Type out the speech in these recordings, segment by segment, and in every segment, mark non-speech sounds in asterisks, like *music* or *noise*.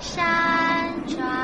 山川。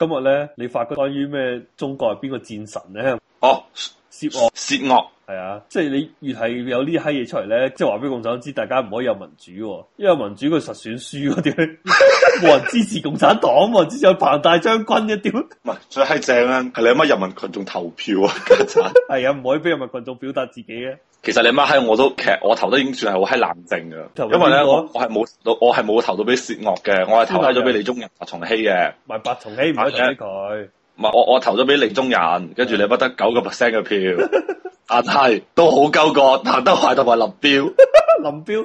今日咧，你發覺關於咩中國係邊個戰神咧？哦，薛岳，薛岳，係啊，即係你越係有呢啲嘢出嚟咧，即係話俾共產黨知，大家唔可以有民主，啊，因為民主佢實選輸啊！點？冇 *laughs* 人支持共產黨，冇人支持彭大將軍嘅屌！唔係最閪正啊，係、 *laughs* 啊、你阿媽人民群眾投票啊，家產係啊，唔可以俾人民群眾表達自己嘅。其實你阿媽喺我都，其實我投得已經算係好閪冷靜噶，啊、因為咧我我係冇到，我係冇投到俾薛岳嘅，我係投低咗俾李宗仁人白崇禧嘅。咪白崇禧，唔好睇佢。我我投咗俾李宗仁，跟住你不得九個 percent 嘅票，但係都好高過彭德懷同埋林彪。 *laughs* 林彪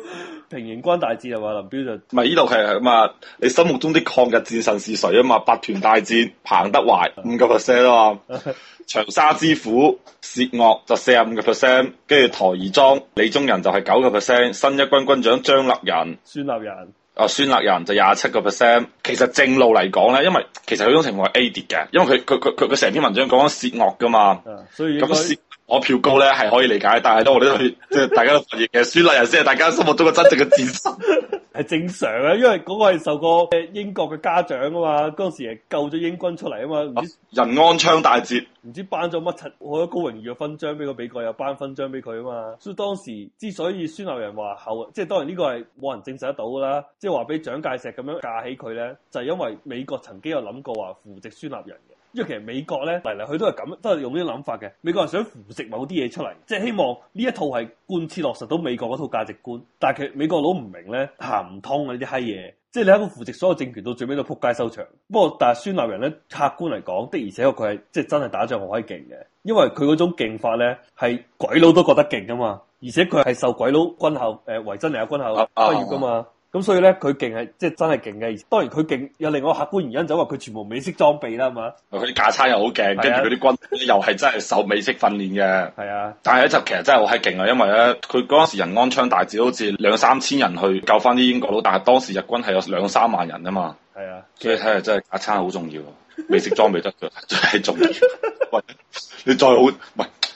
平型關大戰又話林彪就唔係呢度係咁啊！你心目中的抗日戰神是誰啊？嘛百團大戰彭德懷五個 percent 啊嘛。長沙之虎，薛岳就四十五個 percent，跟住台兒莊李宗仁就係九個 percent，新一軍軍長張立，立仁，孫立人。哦，孫立人就廿七個 percent，其實正路嚟講咧，因為其實佢種情況係 A 跌嘅，因為佢佢佢佢佢成篇文章講緊涉惡噶嘛，啊，所以咁佢。我票高咧係可以理解，但係都我哋都即係大家都發現，其實孫立人先係大家心目中嘅真正嘅戰神，係 *laughs* 正常嘅，因為嗰個係受過英國嘅嘉獎啊嘛，嗰時係救咗英軍出嚟啊嘛，唔知、啊、仁安羌大捷，唔知頒咗乜好多高榮譽嘅勛章俾個美國又頒勛章俾佢啊嘛，所以當時之所以孫立人話後，即係當然呢個係冇人證實得到噶啦，即係話俾蔣介石咁樣架起佢咧，就係、是、因為美國曾經有諗過話扶植孫立人嘅。因為其實美國咧嚟嚟去都係咁，都係用呢啲諗法嘅。美國係想扶植某啲嘢出嚟，即係希望呢一套係貫徹落實到美國嗰套價值觀。但係其實美國佬唔明咧，行唔通啊！呢啲閪嘢，即係你喺度扶植所有政權到最尾都撲街收場。不過但係孫立人咧，客觀嚟講的而且確佢係即係真係打仗好閪勁嘅，因為佢嗰種勁法咧係鬼佬都覺得勁噶嘛。而且佢係受鬼佬軍校誒維珍尼亞軍校畢業噶嘛。啊啊啊啊啊咁所以咧，佢勁係即係真係勁嘅。當然佢勁有另外個客觀原因，就話佢全部美式裝備啦嘛。佢啲架撐又好勁，跟住佢啲軍又係真係受美式訓練嘅。係是啊，但係咧就其實真係好閪勁啊，因為咧佢嗰陣時仁安羌大捷好似兩三千人去救翻啲英國佬，但係當時日軍係有兩三萬人啊嘛。係是啊，所以睇嚟真係架撐好重要， *laughs* 美式裝備得真係最重要。 *laughs* *laughs* 你再好喂！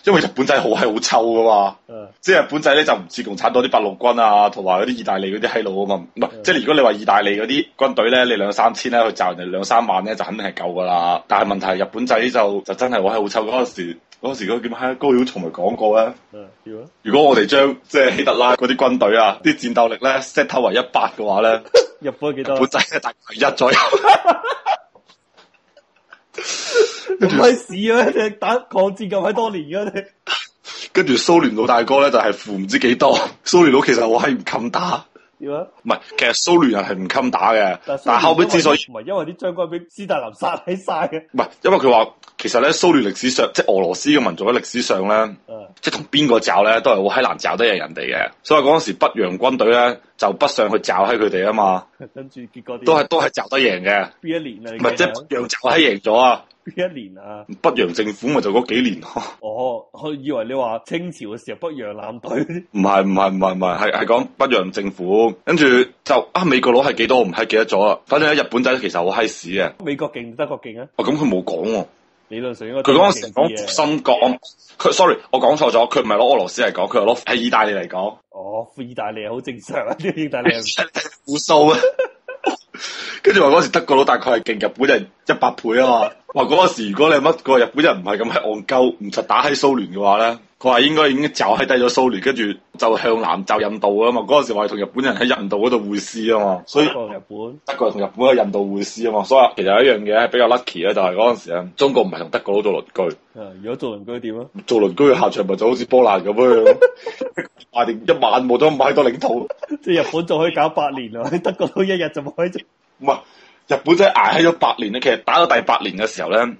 因為日本仔好係好臭噶嘛，即係 Yeah. 日本仔咧就唔似共產黨啲八路軍啊，同埋嗰啲意大利嗰啲閪佬啊嘛，唔係 Yeah. 即係如果你話意大利嗰啲軍隊咧，你兩三千咧，去炸人哋兩三萬咧，就肯定係夠噶啦。但係問題日本仔就就真係好係好臭嗰陣時，嗰時嗰件閪高曉松咪講過咧。Yeah. Yeah. 如果我哋將即係希特拉嗰啲軍隊啊，啲戰鬥力咧 set 為一百嘅話咧，日本幾多？日本係大概一左右。 *laughs* 唔係屎啊！你打抗戰咁閪多年嘅你，跟住蘇聯老大哥咧就係負唔知幾多。蘇聯佬其實我閪唔禁打。點樣？唔係，其實蘇聯人係唔禁打嘅。但係後尾之所以唔係因為啲將軍俾斯大林殺喺晒嘅。唔係，因為佢話其實咧蘇聯歷史上，即係俄羅斯嘅民族喺歷史上咧，嗯、即係同邊個爭咧都係好閪難爭得贏人哋嘅。所以嗰時北洋軍隊咧。就不想去詿喺佢哋啊嘛，跟住結果都係都係詿得贏嘅。邊一年啊？唔係即係北洋詿喺贏咗啊？邊一年啊？北洋政府咪就嗰幾年咯。哦，我以為你話清朝嘅時候北洋艦隊。唔係唔係唔係唔係，係係講北洋政府，跟住就啊美國佬係幾多？我唔係記得咗啊。反正喺日本仔其實好閪屎啊。美國勁，德國勁啊？哦，咁佢冇講喎。理論上應該佢嗰陣時講新國，佢 sorry，我講錯咗，佢唔係攞俄羅斯嚟講，佢係攞喺意大利嚟講。哦，富意大利好正常啊，啲意大利人，胡騷啊！跟住話嗰時德國佬大概係勁日本人一百倍啊嘛，話嗰時如果你乜個日本人唔係咁喺戇鳩，唔實打喺蘇聯嘅話咧，佢話應該已經就喺低咗蘇聯，跟住就向南就印度啊嘛，嗰陣時話同日本人喺印度嗰度會師啊嘛，是所以同日本德國人同日本喺印度會師啊嘛，所以其實有一樣嘢比較 lucky 咧，就係嗰陣時啊，中國唔係同德國佬做鄰居。如果做鄰居點啊？做鄰居嘅下場咪就好似波蘭咁樣，賣定 *laughs* *laughs* 一萬冇咗咁多領土。 *laughs* 即係日本仲可以搞八年啊， *laughs* *laughs* 德國佬一日就冇可以。 *laughs* 哇，日本仔挨喺咗八年咧。其實打到第八年嘅時候咧，的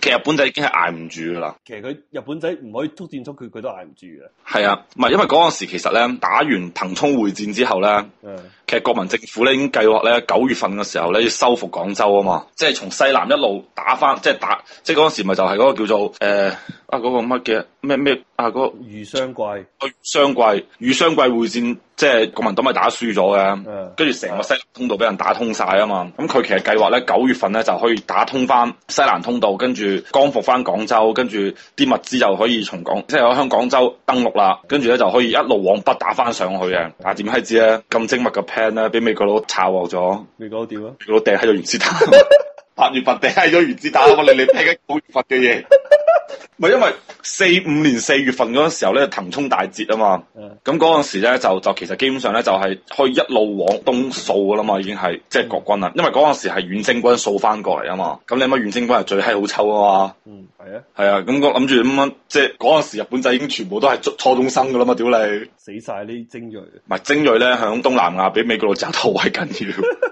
其實日本仔已經係挨唔住噶啦。其實佢日本仔唔可以督掂咗佢，佢都挨唔住噶。係啊，唔係因為嗰陣時其實咧，打完騰衝會戰之後咧，的其實國民政府咧已經計劃咧九月份嘅時候咧要收復廣州啊嘛。即係從西南一路打翻，即係打，即係嗰陣時咪就係嗰個叫做誒、呃、啊嗰、嗰個乜嘅咩咩。啊！嗰、那個豫湘桂，豫湘桂，豫湘桂會戰，即係國民黨咪打輸咗嘅，跟住成個西南通道俾人打通晒啊嘛！咁佢其實計劃咧九月份咧就可以打通翻西南通道，跟住光復翻廣州，跟住啲物資就可以從廣即係響廣州登陸啦，跟住咧就可以一路往北打翻上去嘅。啊啊、但係點知咧咁精密嘅 plan 咧，俾美國佬抄獲咗，美國佬點啊？美國佬掟喺度原子彈。 *laughs* 八月份掟咗原子彈，我你你聽緊九月份嘅嘢，唔 *laughs* 係因為四五年四月份嗰、嗯、個時候咧，騰衝大捷啊嘛，咁嗰陣時咧就就其實基本上咧就係、是、可以一路往東掃噶啦嘛，已經係即係國軍啦，因為嗰陣時係遠征軍掃翻過嚟啊嘛，咁你諗下遠征軍係最閪好抽啊嘛，嗯係啊，係啊，咁我諗住咁樣，即係嗰陣時日本仔已經全部都係初初中生噶啦嘛，屌你死晒呢精銳，唔係精銳咧響東南亞俾美國佬斬頭係緊要。 *laughs*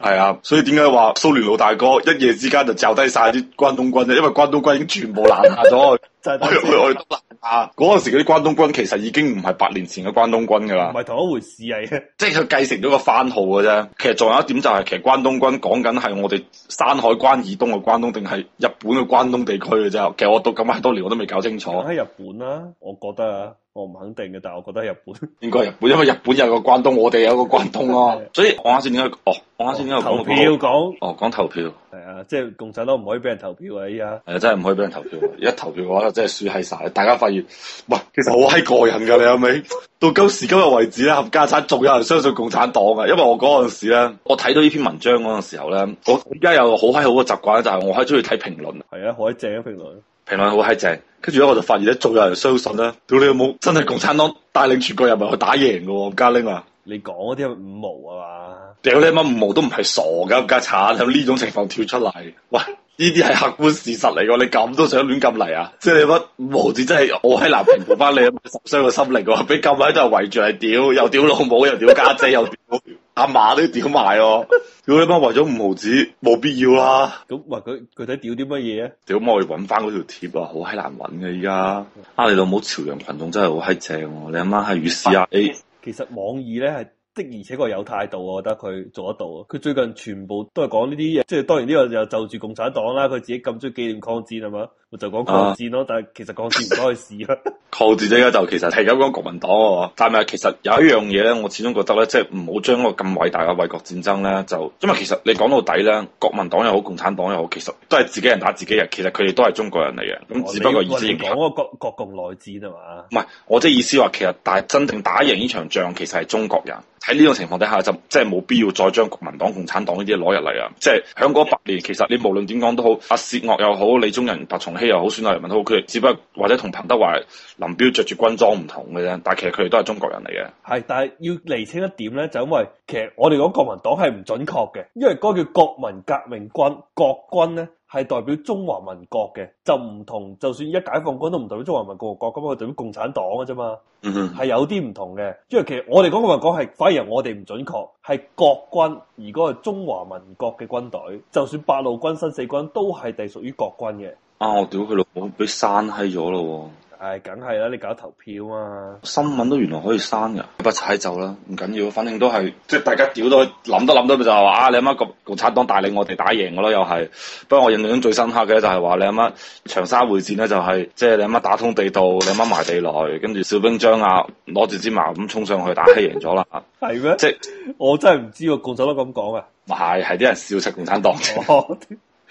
係啊，所以點解話蘇聯老大哥一夜之間就就低晒啲關東軍啫？因為關東軍已經全部南下咗，真係去去去南下。嗰個 *laughs* 時嗰啲關東軍其實已經唔係八年前嘅關東軍噶啦，唔係同一回事啊！即係佢繼承咗個番號嘅啫。其實仲有一點就係、是，其實關東軍講緊係我哋山海關以東嘅關東，定係日本嘅關東地區嘅啫。其實我到咁多年我都未搞清楚喺日本啦、啊，我覺得啊。我唔肯定嘅，但係我覺得日本應該日本， *laughs* 因為日本有個關東，我哋有個關東咯、啊， *laughs* 所以我啱先點解？哦，我啱先點解投票講？哦，講投票係啊，即係共產黨唔可以俾人投票啊！依家係真係唔可以俾人投票、啊， *laughs* 一投票嘅話咧，真係輸喺晒。大家發現，唔係其實好閪過癮噶，你明唔明？到今時今日為止咧，合家產仲有人相信共產黨噶，因為我嗰陣時咧，我睇到呢篇文章嗰陣時候咧，我依家有個好閪好嘅習慣咧，就係、是、我好中意睇評論。係啊，海正咗評論。評論評論好閪正，跟住咧我就發現咧，仲有人相信啦。屌你有冇真係共產黨帶領全國人民去打贏噶？嘉玲啊！你講嗰啲係五毛啊嘛？屌你媽五毛都唔係傻噶，冚家鏟喺呢種情況跳出嚟。喂，呢啲係客觀事實嚟噶，你咁都想亂咁嚟啊？即係你乜五毛子真係我喺南平補翻，你啊？受傷嘅心靈啊，俾咁都度圍住，係屌又屌老母，又屌家姐，姐，又屌。 *laughs* 阿馬、啊、都屌賣哦！如果阿媽為咗五毫紙，冇必要啦。咁話佢具體屌啲乜嘢啊？屌，我哋搵翻嗰條貼啊，好閪難搵嘅而家。 *laughs* 啊，你老母朝陽群眾真係好閪正， *laughs* 你阿媽係與 C 啊，A。其實網易咧係。的而且確有態度，我覺得佢做得到。佢最近全部都係講呢啲嘢，即係當然呢個就就住共產黨啦。佢自己咁鍾意紀念抗戰係嘛，就講抗戰咯。啊、但係其實抗戰唔該去試啦。抗戰而家就是、其實係有講國民黨，但係其實有一樣嘢咧，我始終覺得咧，即係唔好將個咁偉大嘅衛國戰爭咧，就因為其實你講到底咧，國民黨又好，共產黨又好，其實都係自己人打自己人。其實佢哋都係中國人嚟嘅。咁、嗯、只不過意思講個國國共內戰啫嘛。唔係，我即係意思話，其實但係真正打贏呢場仗，其實係中國人。喺呢種情況底下，就即係冇必要再將國民黨、共產黨呢啲嘢攞入嚟啊！即係喺嗰八年，其實你無論點講都好，阿薛岳又好，李宗仁、白崇禧又好，孫立人問都好佢，只不過或者同彭德懷、林彪着住軍裝唔同嘅啫。但係其實佢哋都係中國人嚟嘅。係，但係要釐清一點咧，就因為其實我哋講國民黨係唔準確嘅，因為嗰個叫國民革命軍國軍咧。係代表中華民國嘅，就唔同。就算一解放軍都唔代表中華民國國，咁佢代表共產黨嘅啫嘛。係、嗯、哼有啲唔同嘅，因為其實我哋講嘅話講係反而我哋唔準確，係國軍，如果係中華民國嘅軍隊，就算八路軍、新四軍都係地屬於國軍嘅。啊！我屌佢老母，俾刪閪咗咯。係，梗係啦！你搞投票啊！新聞都原來可以刪噶，不踩走啦，唔緊要，反正都係即係大家屌到去想都諗都諗到就係、是、話啊！你阿媽共共產黨帶領我哋打贏噶咯，又係。不過我印象中最深刻嘅就係話你阿媽長沙會戰咧、就是，就係即係你阿媽打通地道，你阿媽埋地雷，跟住小兵張嘎攞住支矛咁衝上去打贏，贏咗啦。係咩即？即係我真係唔知個共，共產黨咁講嘅，係係啲人笑食共產黨。係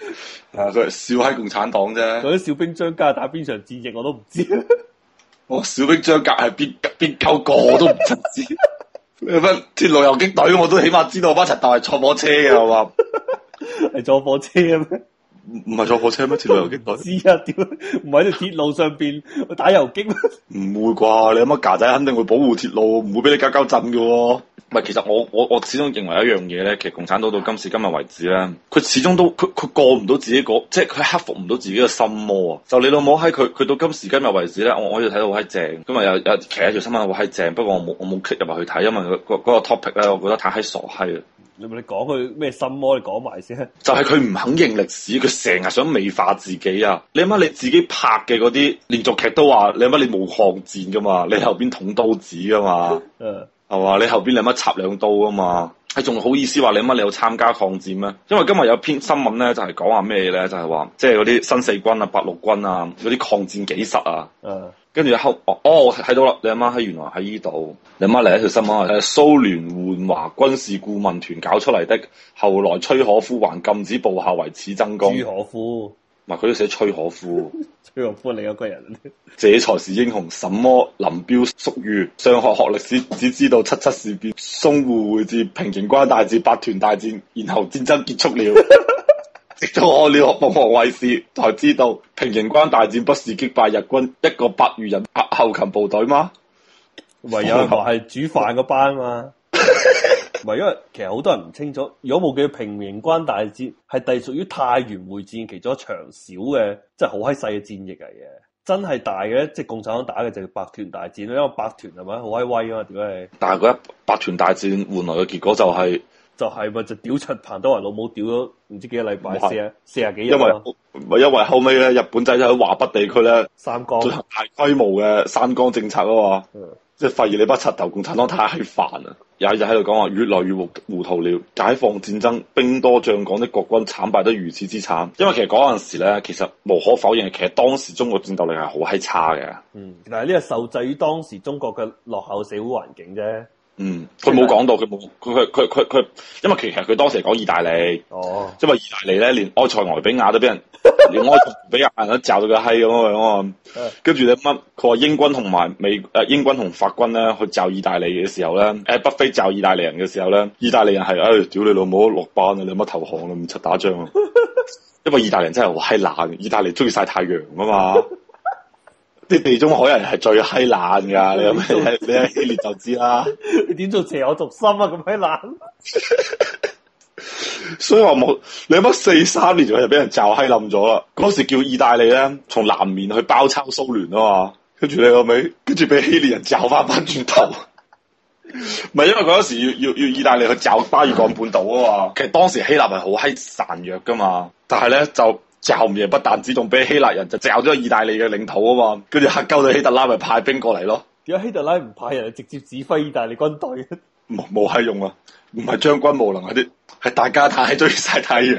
佢係笑喺共產黨啫，嗰啲小兵張家打邊場戰役我都唔知，我、 *laughs* 哦、小兵張家係邊邊溝個我都唔知，乜鐵 *laughs* 路游擊隊我都起碼知道我班陳導係坐火車嘅係嘛，係 *laughs* 坐火車嘅咩？ *laughs* 唔唔係坐火車咩？鐵路游擊隊，我知啊。點，唔喺條鐵路上邊打游擊咩？唔會啩？你阿媽架仔肯定會保護鐵路，唔會俾你搞搞震噶喎、啊。唔係，其實我我我始終認為一樣嘢咧，其實共產黨到今時今日為止咧，佢始終都佢佢過唔到自己嗰，即係佢克服唔到自己嘅心魔啊！就你老母喺佢，佢到今時今日為止咧，我我就睇到好閪正，今日有有企喺條新聞，好閪正。不過我冇我冇 click 入去睇，因為佢嗰嗰個 topic 咧，我覺得太閪傻閪啦。你咪講佢咩心魔？你講埋先。就係佢唔肯認歷史，佢成日想美化自己啊！你乜你自己拍嘅嗰啲連續劇都話，你乜你冇抗戰噶嘛？你後邊捅刀子噶嘛？嗯，係嘛？你後邊你乜插兩刀噶嘛？誒、哎，仲好意思話你乜你有參加抗戰咩？因為今日有篇新聞咧，就係、是、講下咩咧，就係話即係嗰啲新四軍啊、八路軍啊嗰啲抗戰紀實啊。嗯。 *laughs* *laughs* 跟住後哦，我睇到啦，你阿媽喺原來喺依度，你阿媽嚟一條新聞，誒、蘇、呃、聯援華軍事顧問團搞出嚟的，後來崔可夫還禁止部下為此爭功。朱可夫，唔係佢都寫崔可夫，崔可夫你一個人，呢？這才是英雄。什麼林彪粟裕？上學學歷史，只知道七七事變、淞滬會戰、平型關大戰、百團大戰，然後戰爭結束了。 *laughs* 直到我了學鳳凰衛視，才知道平型關大戰不是擊敗日軍一個百餘人後勤部隊嗎？唯有係，係煮飯個班嘛。唔係， *laughs* 因為其實好多人唔清楚，如果冇叫平型關大戰，係隸屬於太原會戰其中一場小嘅，即係好閪細嘅戰役嚟嘅。真係大嘅，即係共產黨打嘅就叫百團大戰啦。因為百團係咪好威威啊？嘛，點解係？但係嗰一百團大戰換來嘅結果就係、是。就係咪、啊、就屌柒彭德懷老母屌咗唔知幾個哇 40, 40多禮拜四啊四啊幾日，因為因為後尾咧日本仔喺華北地區咧三光做大規模嘅三光政策咯、啊，嗯、即係發現你班柒頭共產黨太閪煩啊！有一日喺度講話越來越糊糊塗了，解放戰爭兵多將廣的國軍慘敗得如此之慘，因為其實嗰陣時咧其實無可否認，其實當時中國戰鬥力係好閪差嘅。嗯，嗱呢個受制於當時中國嘅落後社會環境啫。嗯，佢冇講到，佢冇，佢佢佢佢，因為其實佢當時係講意大利，即係話意大利咧，連埃塞俄、呃、比亞都俾人， *laughs* 連埃塞俄、呃、比亞人都罩到佢閪咁樣，跟住你乜，佢話 Yeah. 英軍同埋美誒英軍同法軍咧去罩意大利嘅時候咧，誒北非罩意大利人嘅時候咧，意大利人係誒、哎，屌你老母，落班啦，你乜投降啦，唔出打仗啊， *laughs* 因為意大利人真係好閪懶，意大利中意曬太陽啊嘛。 *laughs* 啲地中海人係最閪懶噶， *laughs* 你諗下，你喺希臘就知啦。 *laughs* 你點做邪有毒心啊？咁閪懶。 *laughs* 所以話冇，你諗四三年就俾人罩閪冧咗啦。嗰時叫意大利咧，從南面去包抄蘇聯啊嘛，跟住你後尾，跟住俾希臘人罩翻翻轉頭。唔係 *laughs* *laughs* 因為嗰時要要要意大利去罩巴爾幹半島啊嘛，其實當時希臘係好閪孱弱噶嘛，但係咧就。嚼嘢，不但止，仲俾希臘人就嚼咗意大利嘅領土啊嘛，跟住黑鳩到希特拉咪派兵過嚟咯。如果希特拉唔派人，直接指揮意大利軍隊，冇冇係用啊？唔係將軍無能嗰啲，係大家太中意曬太陽。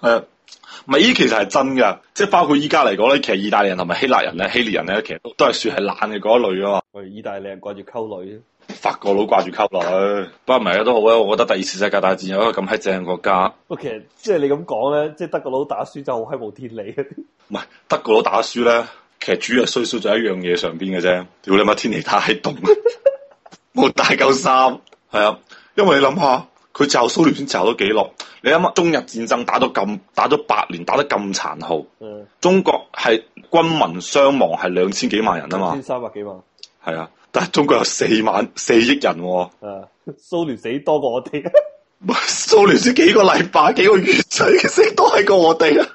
誒， *laughs* *laughs* 咪依其實係真噶，即係包括依家嚟講咧，其實意大利人同埋希臘人咧、希臘人咧，其實都都係算係懶嘅嗰一類啊嘛。喂，意大利人掛住溝女。法國佬掛住溝去，不過唔係都好啊。我覺得第二次世界大戰有一個咁閪正嘅國家。不過其實即係你咁講咧，即係德國佬打輸就好閪無天理啊！唔係德國佬打輸咧，其實主要衰衰喺一樣嘢上邊嘅啫。屌你媽，天氣太凍，冇帶夠衫，係啊。因為你諗下，佢就后蘇聯先戰咗幾耐？你諗下中日戰爭打到咁打咗八年，打得咁殘酷，中國係軍民傷亡係兩千幾萬人啊嘛，千三百幾萬，係啊。但係中國有四萬四億人、啊，蘇聯、啊、死多過我哋。蘇聯先幾個禮拜、幾個月死都、啊、 *laughs* 多係過我哋。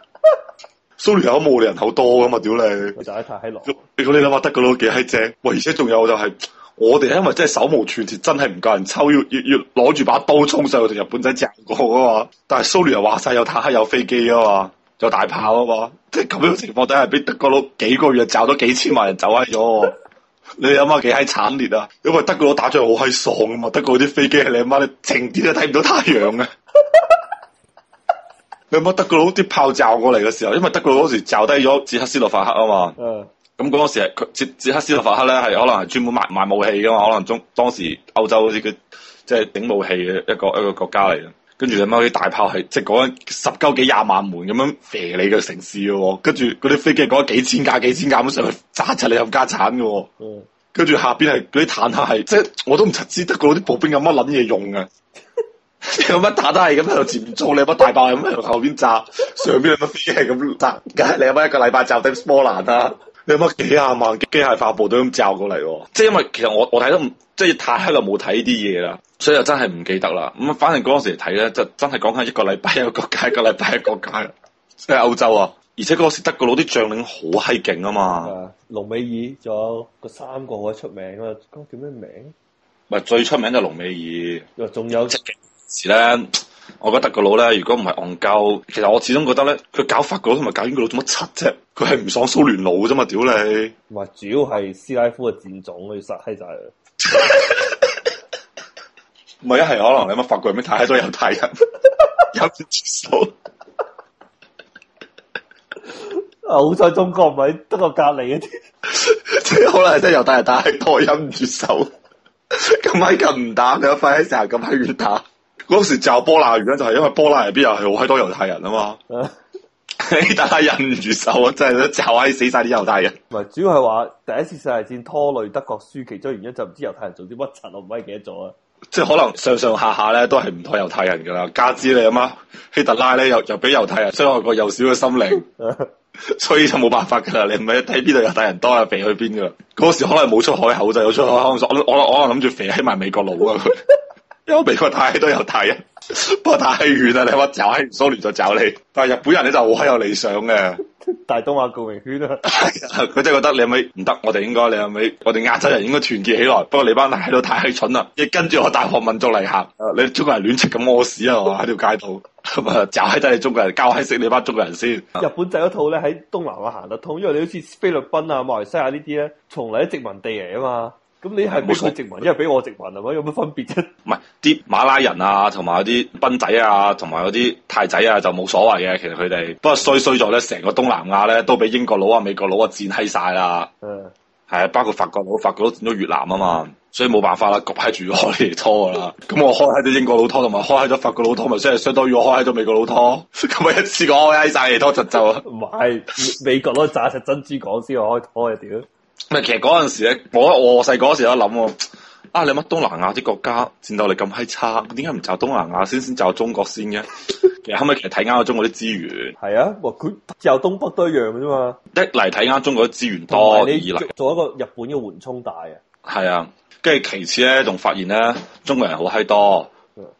蘇聯有冇人口多噶嘛？屌你！我就喺太希羅。你講你諗下德國佬幾閪正。喂，而且仲有就係、是、我哋，因為真係手無寸鐵，真係唔夠人抽，要要要攞住把刀衝上去同日本仔炸過噶嘛。但係蘇聯又話晒有坦克、有飛機啊嘛，有大炮啊嘛，即係咁樣情況底下，俾德國佬幾個月炸咗幾千萬人走閪咗。 *laughs* 你諗下幾閪慘烈啊！因為德國佬打仗好閪喪啊嘛，德國啲飛機係你阿媽晴天都睇唔到太陽啊！ *laughs* *laughs* 你諗下德國佬啲炮炸過嚟嘅時候，因為德國佬嗰時炸低咗捷克斯洛伐克啊嘛，咁嗰個時係捷捷克斯洛伐克咧係可能係專門賣賣武器噶嘛，可能中當時歐洲嗰啲嘅即係頂武器嘅一個一個，一個國家嚟。跟住你媽啲大炮係即係講十鳩幾廿萬門咁樣射你個城市嘅，跟住嗰啲飛機講幾千架、幾千架咁上去炸出你冚家產嘅，跟住下邊係嗰啲坦克係，即係我都唔知得嗰啲步兵有乜捻嘢用呀，有 *laughs* 乜打得係咁喺度前面做，你有乜大炮咁喺後邊炸，上邊有乜飛機係咁炸，你有乜一個禮拜炸啲波蘭啊？你有乜 *laughs* 幾廿萬機械化部隊咁炸過嚟？即係因為其實我我睇都唔～即係太耐冇睇啲嘢啦，所以就真係唔記得啦。咁啊，反正嗰陣時睇咧，就真係講緊一個禮拜一個國家，一個禮拜一個國家。即係歐洲啊，而且嗰時德國佬啲將領好閪勁啊嘛。啊，隆美爾仲有個三個好出名啊，嗰個叫咩名？唔係最出名就隆美爾。又仲有即時咧，我覺得德國佬咧，如果唔係戇鳩，其實我始終覺得咧，佢搞法國同埋搞英國佬做乜七啫？佢係唔爽蘇聯佬啫嘛，屌你！唔係主要係斯拉夫嘅戰種，要殺閪曬？唔係一係可能你咪發覺入面太多猶太人，陰唔住手。啊，好彩中國唔係，不過隔離嗰啲，即係可能真係猶太人太多陰唔住手。咁咪咁唔打，你快成日咁咪越打。嗰時就波蘭原因就係因為波蘭入邊又係好閪多猶太人啊嘛。 *laughs* 希特拉忍唔住手啊，真係咧就係死晒啲猶太人。唔係主要係話第一次世界戰拖累德國輸，其中原因就唔知猶太人做啲乜柒我唔可以記得咗啊？ *laughs* 即係可能上上下下咧都係唔妥猶太人噶啦，加之你阿媽希特拉咧又又俾猶太人傷害過幼小嘅心靈， *laughs* 所以就冇辦法噶啦。你唔係睇邊度猶太人多啊，飛去邊噶啦？嗰時可能冇出海口，就有出海口，我我我諗住肥喺埋美國佬啊，因為美國太多猶太人。不過太遠啦，你話就喺蘇聯就找你，但係日本人咧就好係有理想嘅，大東亞共榮圈啊！佢真係覺得你阿妹唔得，我哋應該你阿妹，我哋亞洲人應該團結起來。不過你班人喺度太蠢啦，即跟住我大漢民族嚟，行，你中國人亂食咁屙屎啊！喺條街度，咁啊，就喺得你中國人教喺識你班中國人先。日本仔一套咧喺東南亞行得通，因為你好似菲律賓啊、馬來西亞呢啲咧，從嚟殖民地嚟啊嘛。咁你係冇所謂殖民，因為俾我殖民係咪？有乜分別啫？唔係啲馬拉人啊，同埋啲賓仔啊，同埋嗰啲泰仔啊，就冇所謂嘅。其實佢哋不過衰衰咗咧，成個東南亞咧都俾英國佬啊、美國佬啊佔閪晒啦。嗯，係啊，包括法國佬，法國佬佔咗越南啊嘛，所以冇辦法啦，焗喺住開椰拖噶啦。咁我開喺啲英國佬拖，同埋開喺咗法國佬拖，咪即係相當於我開喺咗美國佬拖。咁咪一次過開閪晒拖就就唔係美國佬炸隻珍珠港先我開拖嘅屌！咪其實嗰陣時咧，我我細個嗰時有諗啊，你乜東南亞啲國家戰鬥力咁閪差，點解唔就東南亞先，先就中國先嘅？ *laughs* 其實後尾其實睇啱咗中國啲資源。係啊，佢就東北都一樣嘅啫嘛。一嚟睇啱中國啲資源多，二嚟做，來做一個日本嘅緩衝帶啊。係啊，跟住其次咧，仲發現咧，中國人好閪多。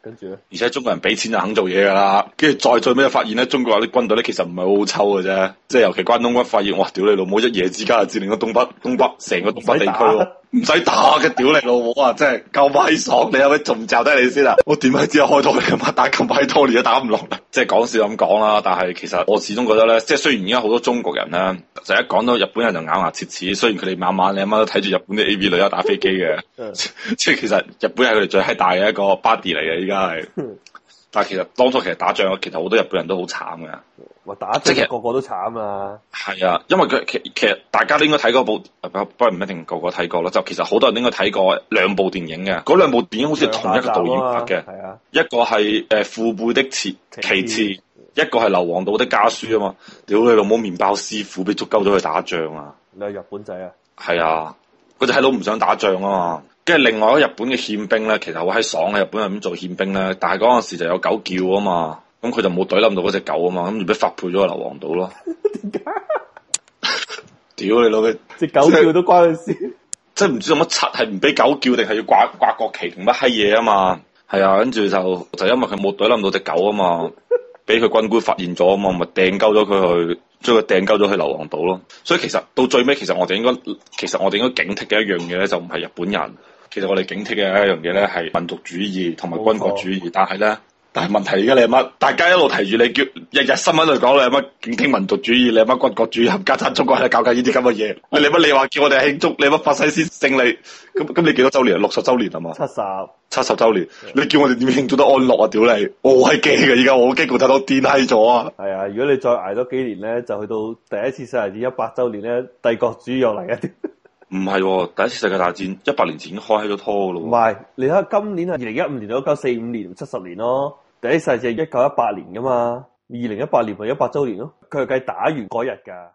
跟住咧，而且中國人畀錢就肯做嘢噶啦，跟住再最尾發現咧，中國啲軍隊咧其實唔係好好抽㗎啫，即係尤其關東軍發現，哇！屌你老母，一夜之間就佔領咗東北，東北成個東北地區。唔使打嘅，屌你老母啊！真係夠威爽，你有乜仲罩低你先啦？ *laughs* 我點解只有開拖咁啊？打咁威拖你都打唔落啦！ *laughs* 即係講笑咁講啦，但係其實我始終覺得咧，即係雖然而家好多中國人啦，就一講到日本人就咬牙切齒，雖然佢哋晚晚你阿媽都睇住日本啲 AV 女優打飛機嘅， *laughs* *laughs* 即係其實日本係佢哋最閪大嘅一個 body 嚟嘅。依家係，但係其實當初其實打仗，其實好多日本人都好慘嘅。話打即係是個個都慘啊！係啊，因為佢其其實大家都應該睇過部，不過唔一定個個睇過咯。就其實好多人應該睇過兩部電影嘅，嗰兩部電影好似同一個導演拍嘅，一個係《誒、呃、父輩的旗幟》天，其次一個係《硫磺島的家書》啊嘛。屌你老母麵包師傅俾捉鳩咗去打仗啊！你係日本仔啊？係啊，嗰隻閪佬唔想打仗啊嘛。跟住另外一個日本嘅憲兵咧，其實我喺爽喺日本入面做憲兵咧，但係嗰陣時就有狗叫啊嘛。咁佢就冇懟冧到嗰隻狗啊嘛，咁俾發配咗去硫磺島咯。點解？ *laughs* 屌你老味，隻狗叫都關佢事。真唔知做乜柒，係唔俾狗叫定係要掛掛國旗同乜閪嘢啊嘛？係啊，跟住、啊、就就因為佢冇懟冧到隻狗啊嘛，俾佢軍官發現咗啊嘛，咪掟鳩咗佢去，將佢掟鳩咗去硫磺島咯。所以其實到最尾，其實我哋應該，其實我哋應該警惕嘅一樣嘢咧，就唔係日本人。其實我哋警惕嘅一樣嘢咧，係民族主義同埋軍國主義。錯但係咧。但係問題而家你乜？大家一路提住你叫日日新聞度講你乜警惕民族主義，你乜軍國,國主義，冚家鏟中國喺度搞緊呢啲咁嘅嘢。你乜你話叫我哋慶祝你乜法西斯勝利？咁咁你幾多周年啊？六十周年係嘛？七十，七十周年。周年你叫我哋點慶祝得安樂啊？屌你，我係驚嘅，而家我好激，我睇到顛梯咗啊！係啊，如果你再捱多幾年咧，就去到第一次世界戰一百周年咧，帝國主義又嚟一啲。唔 *laughs* 係第一次世界大戰一百年前已經開起咗拖㗎咯。唔係你睇下今年係二零一五年，一九四五年七十年咯。第一世就一九一八年㗎嘛，二零一八年咪一百周年咯，佢係打完嗰日㗎。